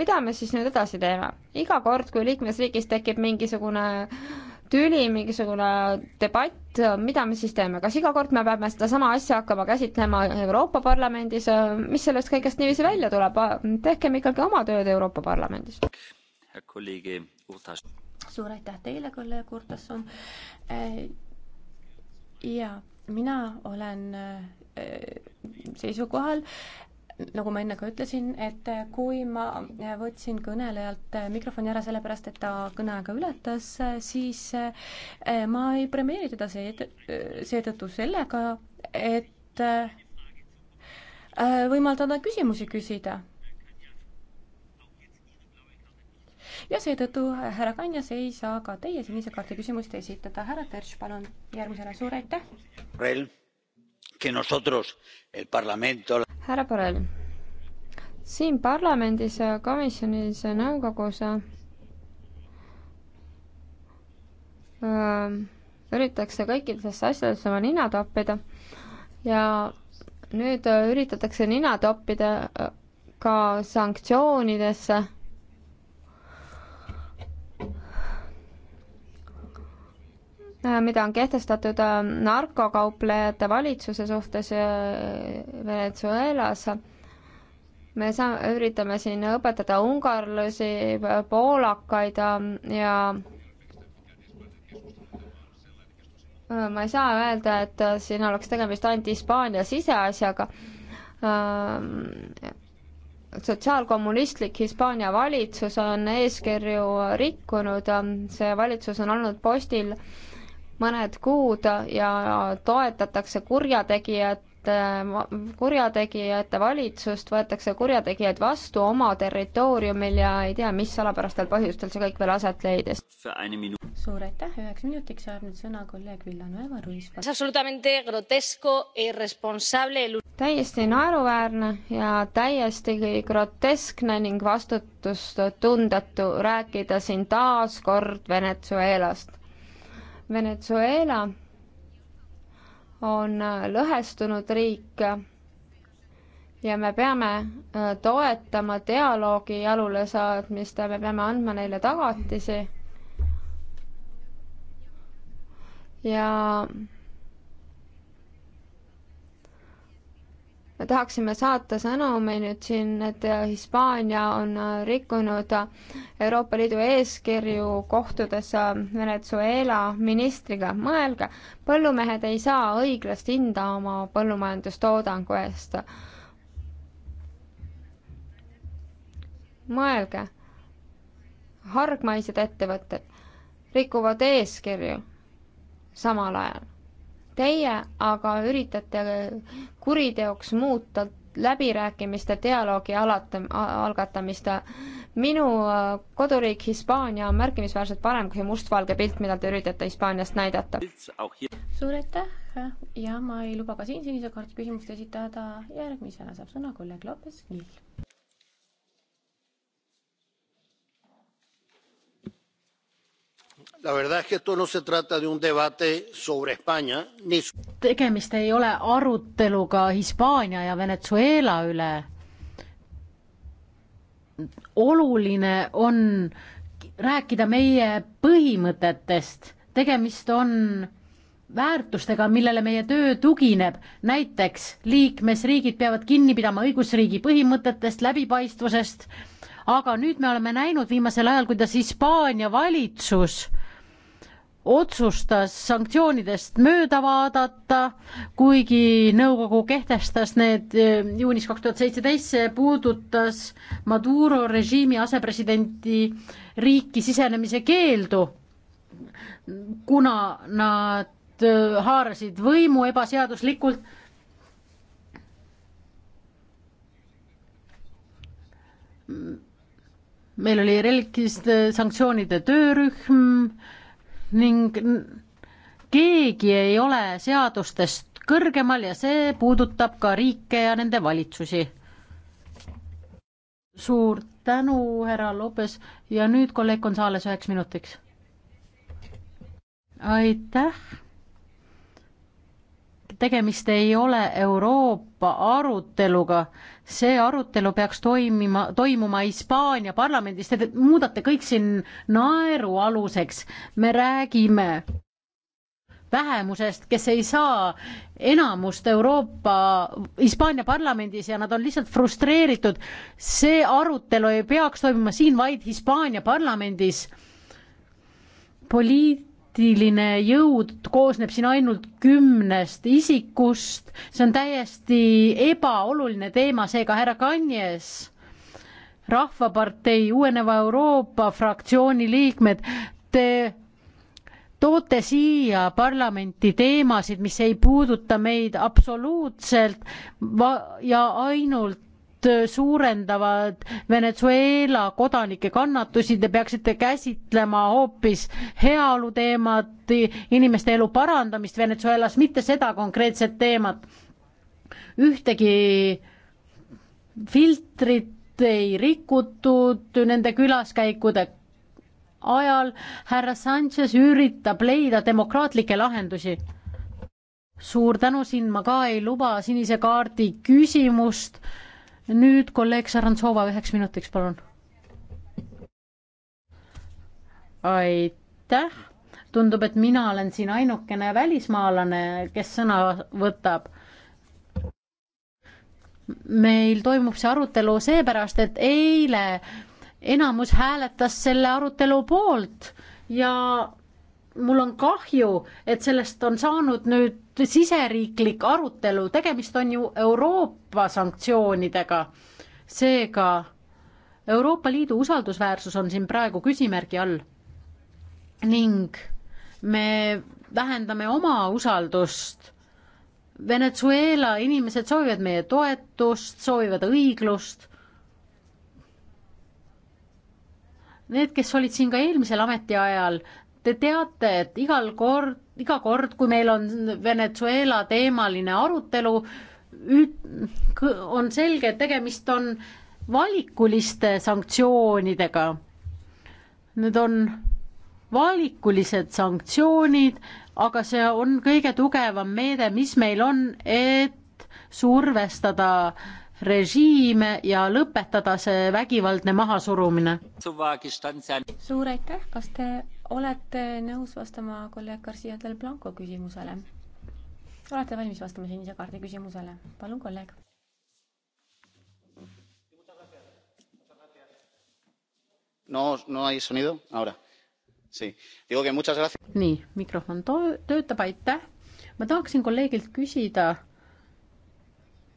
mida me siis nüüd edasi teeme? iga kord, kui liikmesriigis tekib mingisugune tüli, mingisugune debatt, mida me siis teeme, kas iga kord me peame sedasama asja hakkama käsitlema Euroopa Parlamendis, mis sellest kõigest niiviisi välja tuleb, tehkem ikkagi oma tööd Euroopa Parlamendis. suur aitäh teile, kolleeg Urtasson. Äh, ja mina olen äh, Äh, seisukohal, nagu ma enne ka ütlesin, et kui ma võtsin kõnelejalt mikrofoni ära sellepärast, et ta kõneaega ületas, siis äh, ma ei premeeri teda see, seetõttu sellega, et äh, võimaldada küsimusi küsida. ja seetõttu, härra Kanjas, ei saa ka teie sinise kaardi küsimust esitada. härra Terš, palun järgmisena, suur aitäh! que nosotros, el Parlamento. härra Borrell, siin parlamendis, komisjonis, nõukogus ähm, üritatakse kõikidesse asjadesse oma nina toppida ja nüüd üritatakse nina toppida äh, ka sanktsioonidesse Äh, mida on kehtestatud äh, narkokauplejate valitsuse suhtes äh, Venezuelas. me saa-, üritame siin õpetada ungarlasi, poolakaid ja ma ei saa öelda, et siin oleks tegemist ainult Hispaania siseasjaga. sotsiaalkommunistlik Hispaania valitsus on eeskirju rikkunud, see valitsus on olnud postil mõned kuud ja toetatakse kurjategijat, kurjategijate valitsust, võetakse kurjategijaid vastu oma territooriumil ja ei tea, mis salapärastel põhjustel see kõik veel aset leidis. suur aitäh, üheks minutiks saab nüüd sõna kolleeg Villanueva Ruiz. E täiesti naeruväärne ja täiesti groteskne ning vastutustundetu rääkida siin taas kord Venezuelast Venezuela on äh, lõhestunud riik ja me peame äh, toetama dialoogi jalulesaatmist ja me peame andma neile tagatisi. ja tahaksime saata sõnumi nüüd siin, et Hispaania on rikkunud Euroopa Liidu eeskirju kohtudes Venezuela ministriga. mõelge, põllumehed ei saa õiglast hinda oma põllumajandustoodangu eest. mõelge, hargmaised ettevõtted rikuvad eeskirju samal ajal Teie aga üritate kuriteoks muuta läbirääkimiste dialoogi alata, algatamist. minu äh, koduriik Hispaania on märkimisväärselt parem kui mustvalge pilt, mida te üritate Hispaaniast näidata. suur aitäh ja ma ei luba ka siin sinise kaardi küsimust esitada. järgmisena saab sõna kolleeg Lopez Kill. La verdad es que esto no se trata de un debate sobre España ni tegemist ei ole aruteluga Hispaania ja Venezuela üle. oluline on rääkida meie põhimõtetest, tegemist on väärtustega, millele meie töö tugineb, näiteks liikmesriigid peavad kinni pidama õigusriigi põhimõtetest, läbipaistvusest, aga nüüd me oleme näinud viimasel ajal, kuidas Hispaania valitsus äh, otsustas sanktsioonidest mööda vaadata, kuigi nõukogu kehtestas need eh, juunis kaks tuhat seitseteist, see puudutas Maduro režiimi asepresidenti riiki sisenemise keeldu, kuna nad eh, haarasid võimu ebaseaduslikult meil oli relikist eh, sanktsioonide töörühm, ning keegi ei ole seadustest kõrgemal ja see puudutab ka riike ja nende valitsusi. suur tänu, härra Lopes ja nüüd kolleeg Gonzales üheks minutiks. aitäh tegemist ei ole Euroopa aruteluga, see arutelu peaks toimima, toimuma Hispaania parlamendis, te muudate kõik siin naerualuseks, me räägime vähemusest, kes ei saa enamust Euroopa, Hispaania parlamendis ja nad on lihtsalt frustreeritud. see arutelu ei peaks toimuma siin, vaid Hispaania parlamendis. poliit-, poliitiline jõud koosneb siin ainult kümnest isikust, see on täiesti ebaoluline teema, seega härra Kanjes, Rahvapartei Uueneva Euroopa fraktsiooni liikmed, te toote siia parlamenti teemasid, mis ei puuduta meid absoluutselt ja ainult suurendavad Venezuela kodanike kannatusi, te peaksite käsitlema hoopis heaolu teemat, inimeste elu parandamist Venezuelas, mitte seda konkreetset teemat. ühtegi filtrit ei rikutud nende külaskäikude ajal, härra Sanchez üritab leida demokraatlikke lahendusi suur tänu, siin ma ka ei luba sinise kaardi küsimust nüüd kolleeg Sarantsova üheks minutiks, palun. aitäh, tundub, et mina olen siin ainukene välismaalane, kes sõna võtab. meil toimub see arutelu seepärast, et eile enamus hääletas selle arutelu poolt ja mul on kahju, et sellest on saanud nüüd siseriiklik arutelu, tegemist on ju Euroopa sanktsioonidega. seega Euroopa Liidu usaldusväärsus on siin praegu küsimärgi all. ning me vähendame oma usaldust. Venezuela inimesed soovivad meie toetust, soovivad õiglust need, kes olid siin ka eelmisel ametiajal, Te teate, et igal kord, iga kord, kui meil on Venezuela teemaline arutelu, on selge, et tegemist on valikuliste sanktsioonidega. Need on valikulised sanktsioonid, aga see on kõige tugevam meede, mis meil on, et survestada režiime ja lõpetada see vägivaldne mahasurumine. suur aitäh, kas te olete nõus vastama kolleeg Garcia del Blanco küsimusele? olete valmis vastama sinise kaardi küsimusele? palun, kolleeg. no, no hay sonido ahora. Sí, digo que muchas gracias. nii, mikrofon töötab, aitäh. ma tahaksin kolleegilt küsida,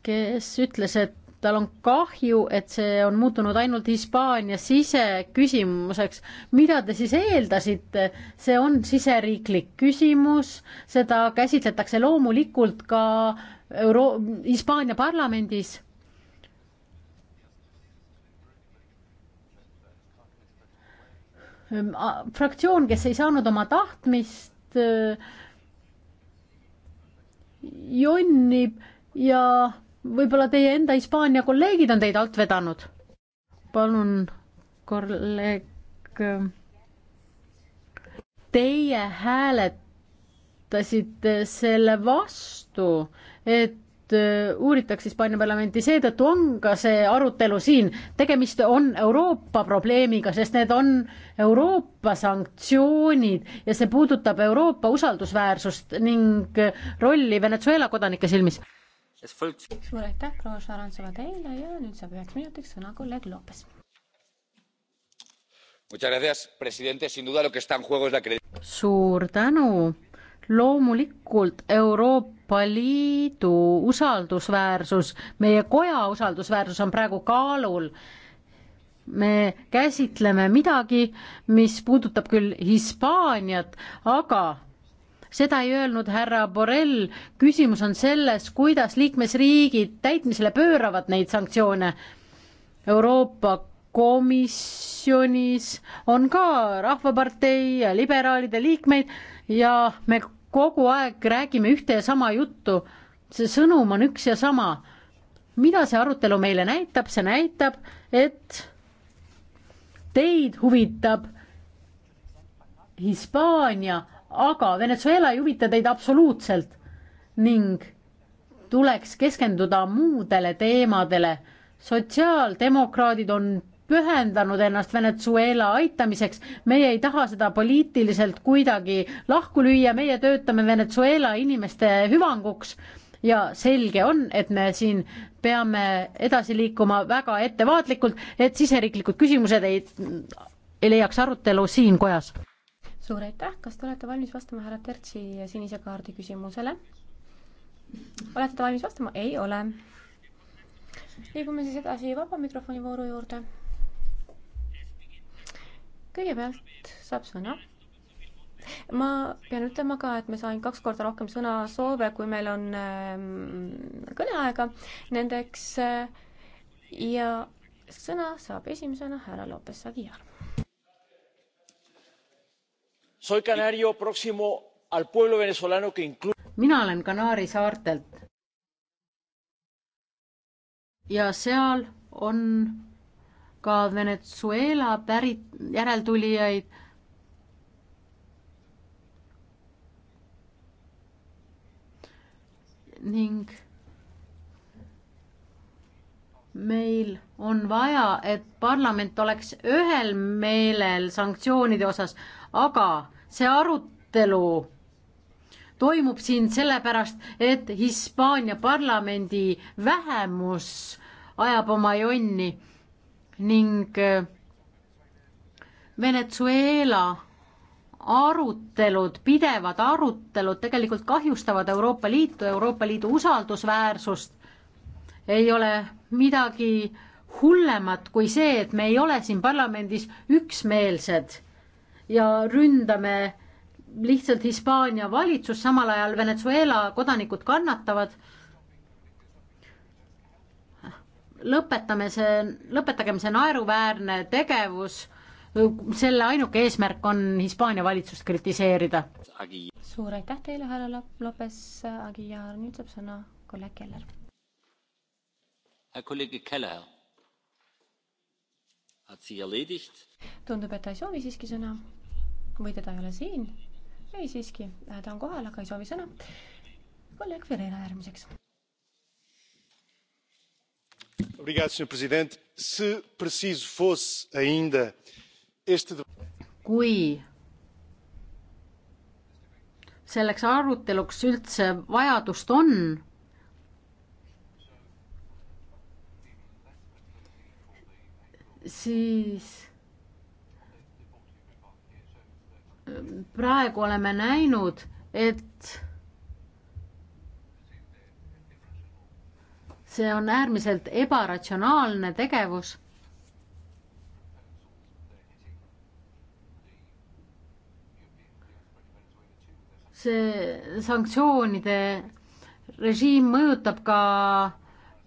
kes ütles, et tal on kahju, et see on muutunud ainult Hispaania siseküsimuseks. mida te siis eeldasite, see on siseriiklik küsimus, seda käsitletakse loomulikult ka Euro-, Hispaania parlamendis. Ehm, fraktsioon, kes ei saanud oma tahtmist, äh, jonnib ja võib-olla teie enda Hispaania kolleegid on teid alt vedanud. palun, kolleeg. Teie hääletasite selle vastu, et äh, uuritakse Hispaania parlamenti, seetõttu on ka see arutelu siin. tegemist on Euroopa probleemiga, sest need on Euroopa sanktsioonid ja see puudutab Euroopa usaldusväärsust ning äh, rolli Venezuela kodanike silmis suur aitäh, proua Šarantsova teile ja nüüd saab üheks minutiks sõna kolleeg Lopes. suur tänu. loomulikult Euroopa Liidu usaldusväärsus, meie koja usaldusväärsus on praegu kaalul me käsitleme midagi, mis puudutab küll Hispaaniat, aga seda ei öelnud härra Borrell, küsimus on selles, kuidas liikmesriigid täitmisele pööravad neid sanktsioone. Euroopa Komisjonis on ka Rahvapartei ja liberaalide liikmeid ja me kogu aeg räägime ühte ja sama juttu. see sõnum on üks ja sama. mida see arutelu meile näitab, see näitab, et teid huvitab Hispaania aga Venezuela ei huvita teid absoluutselt ning tuleks keskenduda muudele teemadele. sotsiaaldemokraadid on pühendanud ennast Venezuela aitamiseks, meie ei taha seda poliitiliselt kuidagi lahku lüüa, meie töötame Venezuela inimeste hüvanguks ja selge on, et me siin peame edasi liikuma väga ettevaatlikult, et siseriiklikud küsimused ei, ei leiaks arutelu siin kojas suur aitäh, kas te olete valmis vastama härra Tertsi sinise kaardi küsimusele? olete te valmis vastama? ei ole. liigume siis edasi vaba mikrofoni vooru juurde. kõigepealt saab sõna. ma pean ütlema ka, et ma sain kaks korda rohkem sõnasoove, kui meil on ähm, kõneaega nendeks äh, ja sõna saab esimesena härra Lopez Aguiar mina olen Kanaari saartelt. ja seal on ka Venezuela pärit järeltulijaid. ning meil on vaja, et parlament oleks ühel meelel sanktsioonide osas, aga see arutelu toimub siin sellepärast, et Hispaania parlamendi vähemus ajab oma jonni ning äh, Venezuela arutelud, pidevad arutelud tegelikult kahjustavad Euroopa Liitu, Euroopa Liidu usaldusväärsust. ei ole midagi hullemat kui see, et me ei ole siin parlamendis üksmeelsed ja ründame lihtsalt Hispaania valitsus, samal ajal Venezuela kodanikud kannatavad. lõpetame see, lõpetagem see naeruväärne tegevus, selle ainuke eesmärk on Hispaania valitsust kritiseerida. suur aitäh teile, härra Lopes äh, Agi ja nüüd saab sõna kolleeg Keller. kolleeg Keller tundub, et ta ei soovi siiski sõna või teda ei ole siin. ei siiski, äh, ta on kohal, aga ei soovi sõna. kolleeg Ferreira järgmiseks. kui selleks aruteluks üldse vajadust on, siis praegu oleme näinud, et see on äärmiselt ebaratsionaalne tegevus. see sanktsioonide režiim mõjutab ka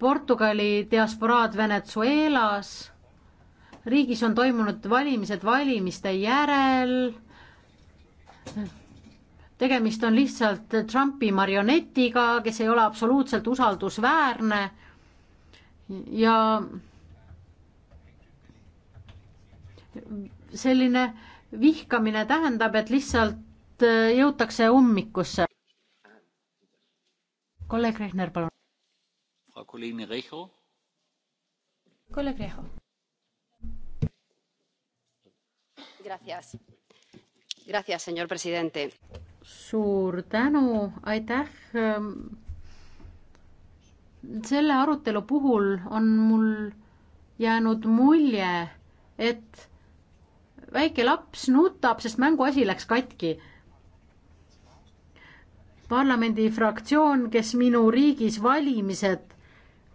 Portugali diasporaad Venezuelas. riigis on toimunud valimised valimiste järel tegemist on lihtsalt Trumpi marionetiga, kes ei ole absoluutselt usaldusväärne ja selline vihkamine tähendab, et lihtsalt jõutakse ummikusse. kolleeg Rehner, palun. kolleeg Reho. Gracias suur tänu, aitäh. selle arutelu puhul on mul jäänud mulje, et väike laps nutab, sest mänguasi läks katki. parlamendifraktsioon, kes minu riigis valimised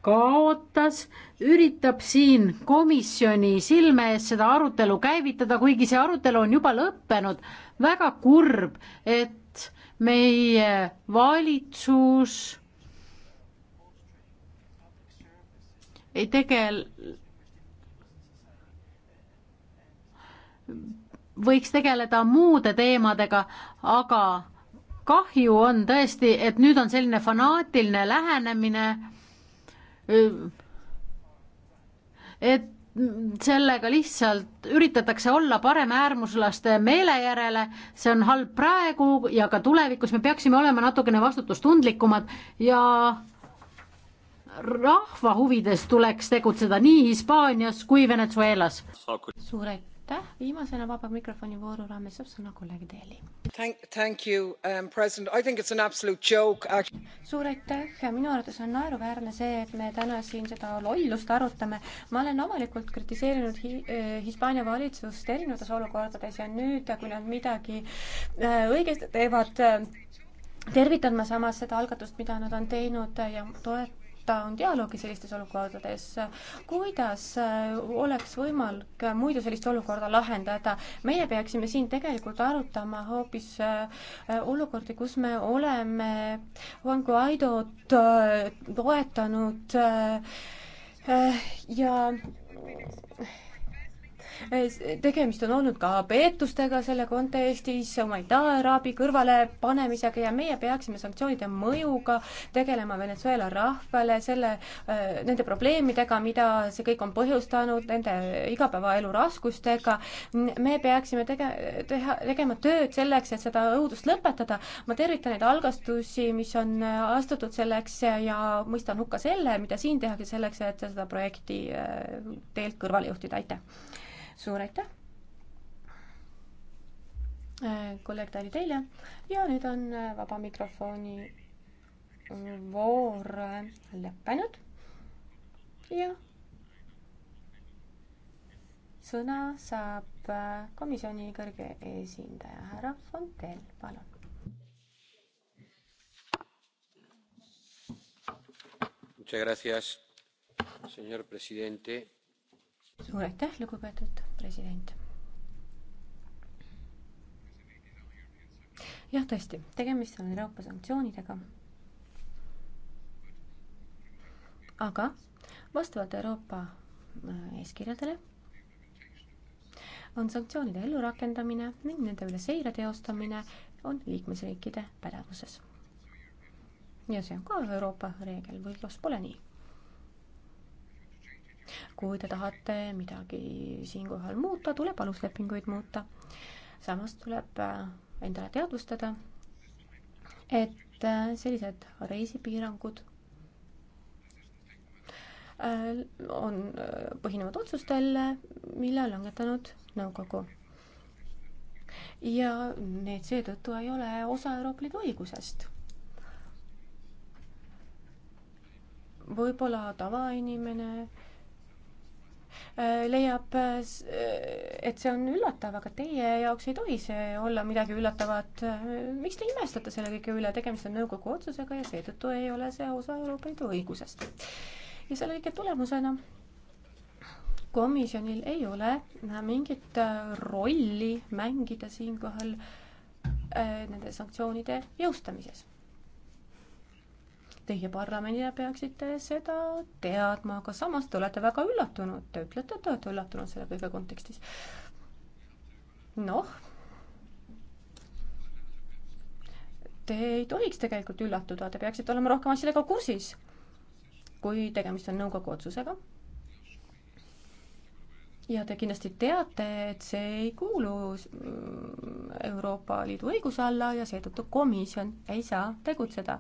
kaotas, üritab siin komisjoni silme ees seda arutelu käivitada, kuigi see arutelu on juba lõppenud. väga kurb, et meie valitsus ei tegel-, võiks tegeleda muude teemadega, aga kahju on tõesti, et nüüd on selline fanaatiline lähenemine et sellega lihtsalt üritatakse olla paremäärmuslaste meele järele, see on halb praegu ja ka tulevikus me peaksime olema natukene vastutustundlikumad ja rahva huvides tuleks tegutseda nii Hispaanias kui Venezuelas. suur aitäh! aitäh, viimasena vaba mikrofoni vooru raames saab sõna kolleeg Deli. Um, suur aitäh, minu arvates on naeruväärne see, et me täna siin seda lollust arutame. ma olen avalikult kritiseerinud hi-, äh, Hispaania valitsust erinevates olukordades ja nüüd, kui nad midagi äh, õigesti teevad, äh, tervitan ma samas seda algatust, mida nad on teinud ja toet-, ta on dialoogi sellistes olukordades, kuidas äh, oleks võimalik äh, muidu sellist olukorda lahendada? meie peaksime siin tegelikult arutama hoopis äh, olukordi, kus me oleme Juan Guaidot toetanud ja tegemist on olnud ka peetustega selle kontekstis, humanitaarabi kõrvalepanemisega ja meie peaksime sanktsioonide mõjuga tegelema Venezuela rahvale, selle, äh, nende probleemidega, mida see kõik on põhjustanud, nende igapäevaelu raskustega. me peaksime tege-, teha, tegema tööd selleks, et seda õudust lõpetada. ma tervitan neid algastusi, mis on astutud selleks ja mõistan hukka selle, mida siin tehakse selleks, et seda projekti äh, teelt kõrvale juhtida, aitäh! suur aitäh! Äh, kolleeg Tali teile ja nüüd on äh, vaba mikrofoni äh, voor lõppenud ja sõna saab komisjoni kõrge esindaja härra Fontel, palun. suur aitäh, lugupeetud president. jah, tõesti, tegemist on Euroopa sanktsioonidega. aga vastavalt Euroopa äh, eeskirjadele on sanktsioonide ellurakendamine ning nende üle seire teostamine on liikmesriikide pädevuses. ja see on ka Euroopa reegel või kas pole nii? kui te tahate midagi siinkohal muuta, tuleb aluslepinguid muuta. samas tuleb äh, endale teadvustada, et äh, sellised reisipiirangud äh, on, põhinevad otsustel, mille on langetanud nõukogu. ja need seetõttu ei ole osa Euroopa Liidu õigusest. võib-olla tavainimene äh, Äh, leiab, äh, et see on üllatav, aga teie jaoks ei tohi see olla midagi üllatavat. Äh, miks te imestate selle kõige üle, tegemist on nõukogu otsusega ja seetõttu ei ole see osa Euroopa Liidu õigusest. ja selle kõige tulemusena komisjonil ei ole mingit rolli mängida siinkohal nende sanktsioonide jõustamises Teie parlamendina peaksite seda teadma, aga samas te olete väga üllatunud, te ütlete, et te olete üllatunud selle kõige kontekstis. noh, te ei tohiks tegelikult üllatuda, te peaksite olema rohkem asjadega kursis, kui tegemist on nõukogu otsusega. ja te kindlasti teate, et see ei kuulu mm, Euroopa Liidu õiguse alla ja seetõttu komisjon ei saa tegutseda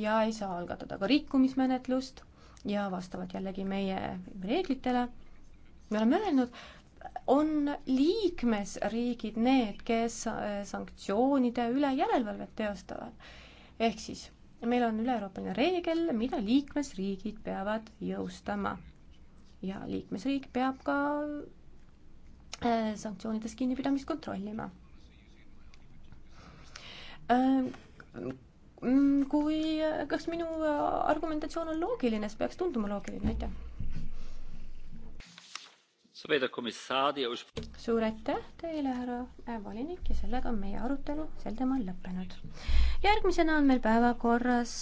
ja ei saa algatada ka rikkumismenetlust ja vastavalt jällegi meie reeglitele, me oleme öelnud, on liikmesriigid need, kes äh, sanktsioonide üle järelevalvet teostavad. ehk siis meil on üle-euroopaline reegel, mida liikmesriigid peavad jõustama. ja liikmesriik peab ka äh, sanktsioonidest kinnipidamist kontrollima äh, Mm, kui, eh, kas minu eh, argumentatsioon on loogiline, see peaks tunduma loogiline, aitäh. suur aitäh teile, härra eh, volinik ja sellega on meie arutelu sel teemal lõppenud. järgmisena on meil päevakorras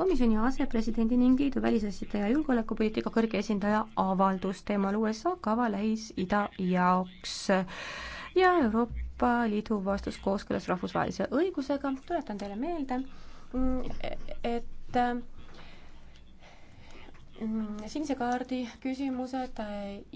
komisjoni asepresidendi ning liidu välisasjade ja julgeolekupoliitika kõrge esindaja avaldus teemal USA kava Lähis-Ida jaoks ja Euroopa Euroopa Liidu vastus kooskõlas rahvusvahelise õigusega, tuletan teile meelde, Mm, et mm, sinise kaardi küsimused äh,